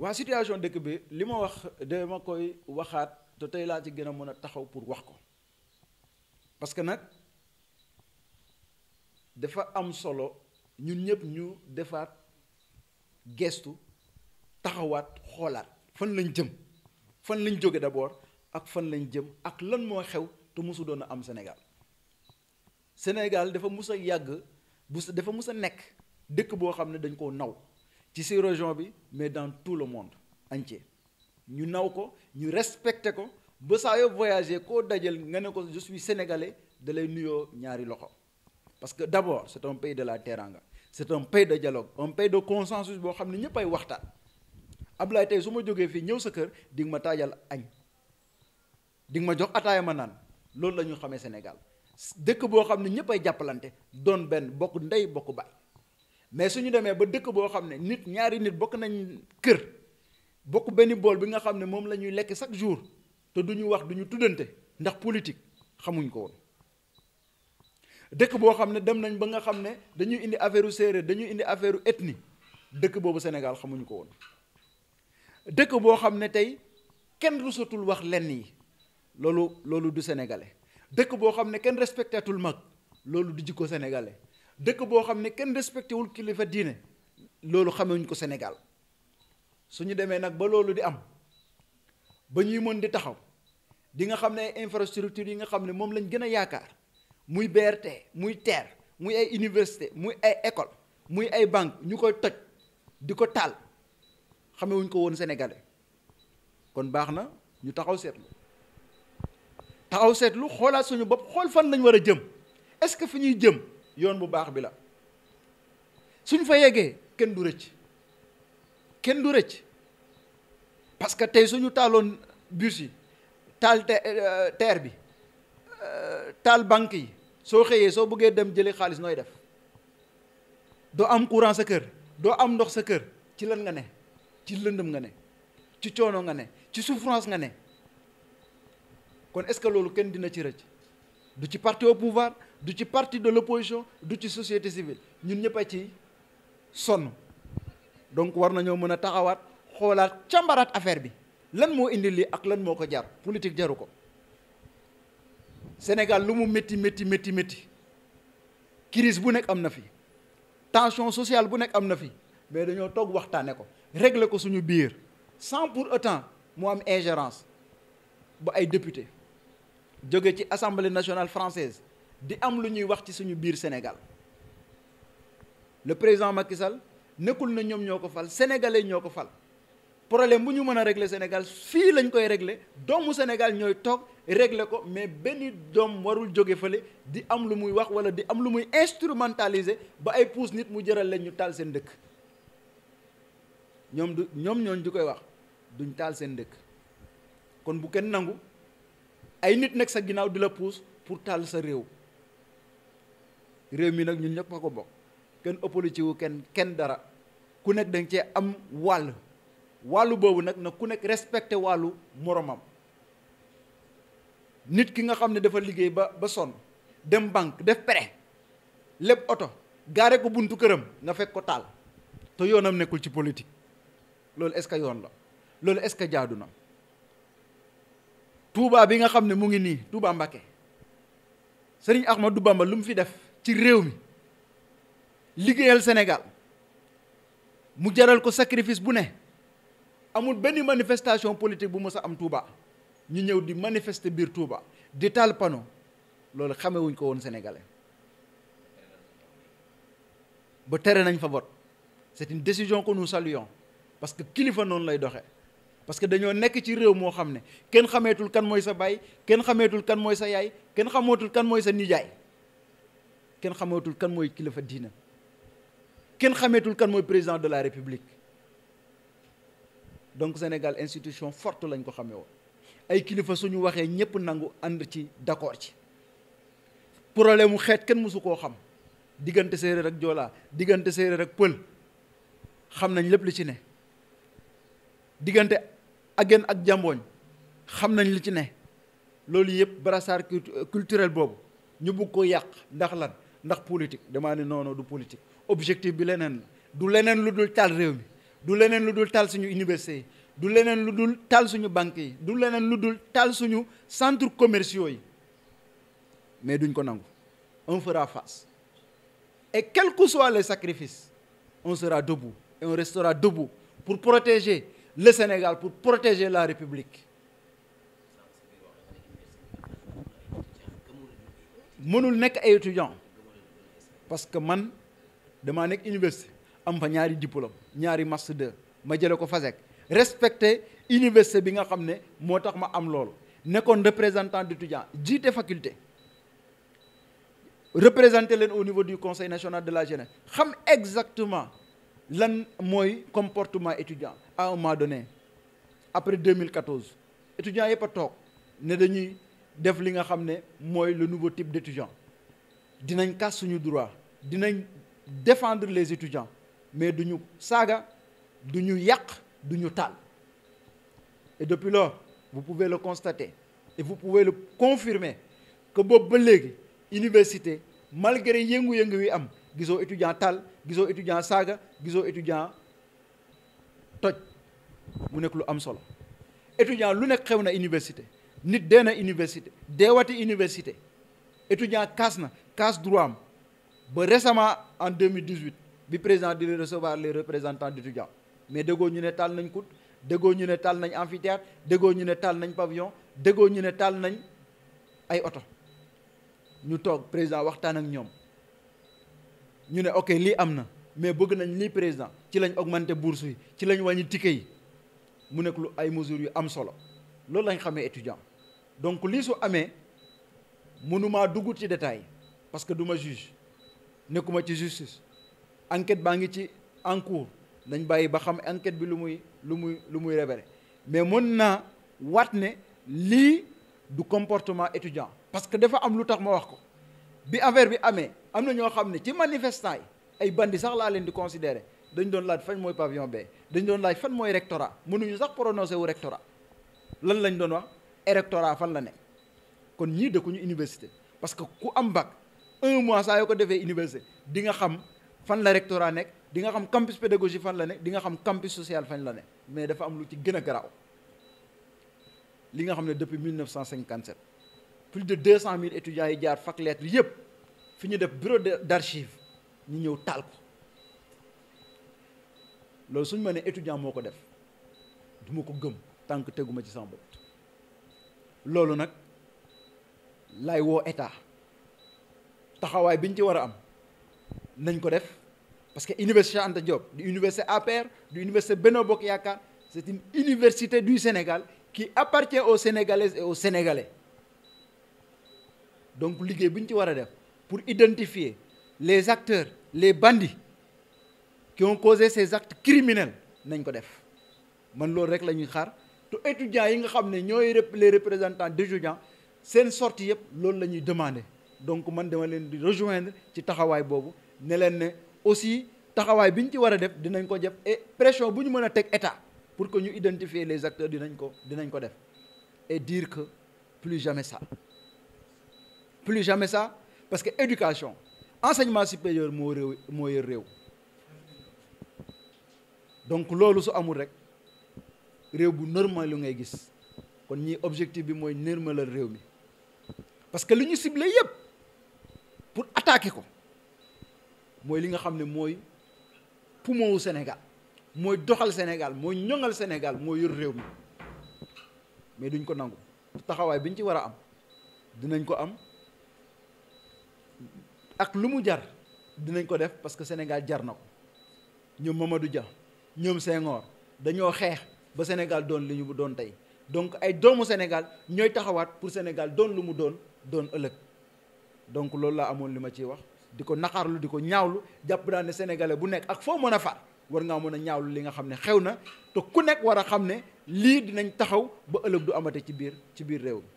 wa situation dekk bi lima ma wax dama koy waxat te tay la ci gëna mëna taxaw pour wax ko parce que nak dafa am solo ñun ñëpp ñu defaat gestu taxawat xolaat fan lañ jëm fan lañ joggé d'abord ak fan lañ jëm ak lan mo xew te musu doona am Sénégal Sénégal dafa musa a bu dafa musa nek dekk bo xamne dañ ko naw ci si région bi mais dans tout le monde entier ñu naw ko ñu respecté ko ba saa yoo voyager koo dajal nga ne ko je suis sénégalais da lay nuyoo ñaari loxo parce que d'abord c'est un pays de la teranga c'est un pays de dialogue un pays de consensus boo xam ne ñëpp ay waxtaan Ablaye tey su ma jógee fii ñëw sa kër di nga ma taajal añ di nga ma jox ataaya ma naan loolu la ñu xamee Sénégal dëkk boo xam ne ñëpp ay jàppalante doon benn bokk ndey bokk baay mais suñu demee ba dëkk boo xam ne nit ñaari nit bokk nañ kër bokk benn bool bi nga xam ne moom la ñuy lekk chaque jour te du ñu wax du ñu tuddante ndax politique xamuñ ko woon dëkk boo xam ne dem nañ ba nga xam ne dañuy indi affaire u dañuy indi affaire u dëkk boobu Sénégal xamuñ ko woon dëkk boo xam ne tey kenn rusatul wax lenn yi loolu loolu du sénégalais dëkk boo xam ne kenn respectatul mag loolu du jikko sénégalais dëkk boo xam ne kenn respecté wul kilifa diine loolu xamewuñ ko Sénégal suñu demee nag ba loolu di am ba ñuy mën di taxaw di nga xam ne ay infrastructure yi nga xam ne moom lañ gën a yaakaar muy BRT muy TER muy ay université muy ay école muy ay banque ñu koy toj di ko taal xamewuñ ko woon sénégalais kon baax na ñu taxaw seetlu taxaw seetlu xoolaat suñu bopp xool fan lañ war a jëm est-ce que fi ñuy jëm yoon bu baax bi la suñ fa yeggee kenn du rëcc kenn du rëcc parce que tey suñu taaloon bus yi taal euh, teer bi euh, taal banque yi soo xëyee soo bëggee dem jëli xaalis nooy def doo am courant sa kër doo am ndox sa kër ci lan nga ne ci lëndëm nga ne ci coono nga ne ci souffrance nga ne kon est-ce que loolu kenn dina ci rëcc du ci parti au pouvoir du parti de l'opposition du société civile nous ne sommes pas donc war nañoo mën nous affaire bi lan qui indi ak lan politique Le Sénégal l'a crise bu tension sociale mais régler sans pour autant moi une ingérence ba députés. député assemblée nationale française di am lu ñuy wax ci suñu biir Sénégal le président Macky Sall nekkul na ñoom ñoo ko fal sénégalais ñoo ko fal problème bu ñu mën a régler Sénégal fii lañ koy régler doomu Sénégal ñooy toog régler ko mais benn doom warul jóge fële di am lu muy wax wala di am lu muy instrumentaliser ba ay pouse nit mu jëral leen ñu taal seen dëkk ñoom du ñoom ñooñ di koy wax duñ taal seen dëkk kon bu kenn nangu ay nit nekk sa ginnaaw di la pouse pour taal sa réew réew mi nag ñun ñëpp mako ko ken kenn ëppalu ci wu ken ken dara ku nekk danga ci am wàll wàllu boobu nag na ku nekk respecté wàllu moromam nit ki nga xam ne dafa liggéey ba ba son dem banque def prêt lepp auto garé ko buntu kërëm nga fekk ko taal te yoonam nekkul ci politique loolu est-ce que yoon la loolu est-ce que Touba bi nga xam ne mu ngi nii Touba Mbacké Serigne Ahmadou Bamba lu fi def ci réew mi liggéeyal Sénégal mu jaral ko sacrifice bu ne amul manifestation politique bu am Touba ñu di manifester biir Touba di panneau xamewuñ ko sénégalais c'est une décision que nous saluons parce que kilifa noonu lay doxee parce que dañoo nekk ci réew moo xam ne kenn kan mooy sa bay kenn xameetul kan sa yaay kan ken xamatul kan moy kilifa diina ken xameetul kan moy président de la république donc Sénégal institution forte lañ ko xamé woon ay kilifa suñu waxé ñepp nangu and ci d'accord ci problème xet ken kenn mësu xam diggante séré rek joolaa diggante séré rek peul xam nañ lépp li ci né diggante ageen ak jàmbooñ xam nañ li ci né loolu yépp brassard culturel boobu ñu bugg ko yàq ndax lan ndax politique dama ne non non du politique objectif bi leneen la du leneen lu dul taal réew mi du leneen lu dul taal suñu université yi du leneen lu dul taal suñu banque yi du leneen lu dul taal suñu centre commerciaux yi mais duñ ko nangu on fera face et quels que soient les sacrifices on sera debout et on restera debout pour protéger le Sénégal pour protéger la République mënul nekk ay étudiant parce que man suis nekk université am fa ñaari diplôme ñaari master 2 ma jële ko fasek Respecter université bi nga xamné ne ma am loolu représentant d'étudiant faculté représenté au niveau du conseil national de la jeunesse xam exactement lan moy comportement étudiant à un moment donné après 2014 étudiants yëpp tok né dañuy def li nga xamné ne le nouveau type d'étudiant dinañ kas suñu droit dinañ défendre les étudiants mais duñu saga, duñu yak duñu tal et depuis lors vous pouvez le constater et vous pouvez le confirmer que bob ba université malgré yengu yengu wi am gisoo étudiant tal, gisoo étudiant saga, gisoo étudiant toj mu nek lu am solo étudiant lu nek xew na université nit dee na université deewati université étudiant kasna kas droit bah, récemment en 2018 le président de recevoir les représentants d'étudiants mais nous ñu ne avons nañ nous avons ñu ne taal nañ amphithéâtre ñu ne été nañ pavillon De ñu Nous avons nañ ay été ñu président waxtaan ak ñoom ñu ne ok mais bëgg nañ lii président ci lañ augmenté bourse yi ci lañ wàññi ticket yi mu mesures lu ay mesures yu am solo étudiant donc lii su nous mënumaa détails parce que nous ma juge nekkuma ci justice enquête baa ngi ci en cours nañ bàyyi ba xam enquête bi lu muy lu muy lu muy révélé mais monna, naa waat ne lii du comportement étudiant parce que dafa am lu tax ma wax ko bi affaire bi amee am na ñoo xam ne ci manifestant yi ay bandi sax laa leen di considérer dañ doon laaj fan mooy pavillon B dañ doon laaj fan mooy rectorat mënuñu sax prononcé wu rectorat lan lañ doon wax rectorat fan la ne kon ñii dëkkuñu université parce que ku am bac un mois ça yoo ko université di nga xam fan la rectorat nek di nga xam campus pédagogie fan la nek di nga xam campus social fan la nek mais dafa am lu ci gëna graw li nga xam né depuis 1957 plus de 200000 étudiants yi jaar fac lettres yépp fi ñu def bureau d'archives ñu ñëw tal ko loolu suñu ma étudiant moko def du ko gëm tant que teguma ci sama bopp loolu nak lay wo état taxawaay biñ ci war am nañ ko def parce que université Anta Diop du université APR du université Benno c'est une université du Sénégal qui appartient aux Sénégalaises et aux Sénégalais donc liggéey biñ ci war def pour identifier les acteurs les bandits qui ont causé ces actes criminels nañ ko def man loolu rek la ñuy xaar te étudiants yi nga xam ne les représentants étudiants, seen sortie yëpp loolu la ñuy demander donc man dama len di rejoindre ci taxaway bobu ne len ne aussi taxaway biñ ci wara def dinañ ko def et pression buñu ñu tek a état pour que ñu identifier les acteurs dinañ ko dinañ ko def et dire que plus jamais ça plus jamais ça parce que éducation enseignement supérieur mo réew moo yor donc lolu su amul rek rew bu normal lu ngay gis kon ñi objectif bi moy normalal rew mi parce que li ñu ciblé attaqué ko mooy li nga xam ne mooy poumon wu Sénégal mooy doxal Sénégal mooy ñoŋal Sénégal mooy yor réew mi mais duñ ko nangu taxawaay biñ ci war a am dinañ ko am ak lu mu jar dinañ ko def parce que Sénégal jar na ko ñoom Mamadou Dia ñoom Senghor dañoo xeex ba Sénégal doon li ñu doon tey donc ay doomu Sénégal ñooy taxawaat pour Sénégal doon lu mu doon doon ëllëg donc loolu laa amoon li ma ciy wax di ko naqarlu di ko ñaawlu jàpp naa ne sénégalais bu nekk ak foo mën a far war ngaa mën a ñaawlu li nga xam ne xew na te ku nekk war a xam ne lii dinañ taxaw ba ëllëg du amate ci biir ci biir réew mi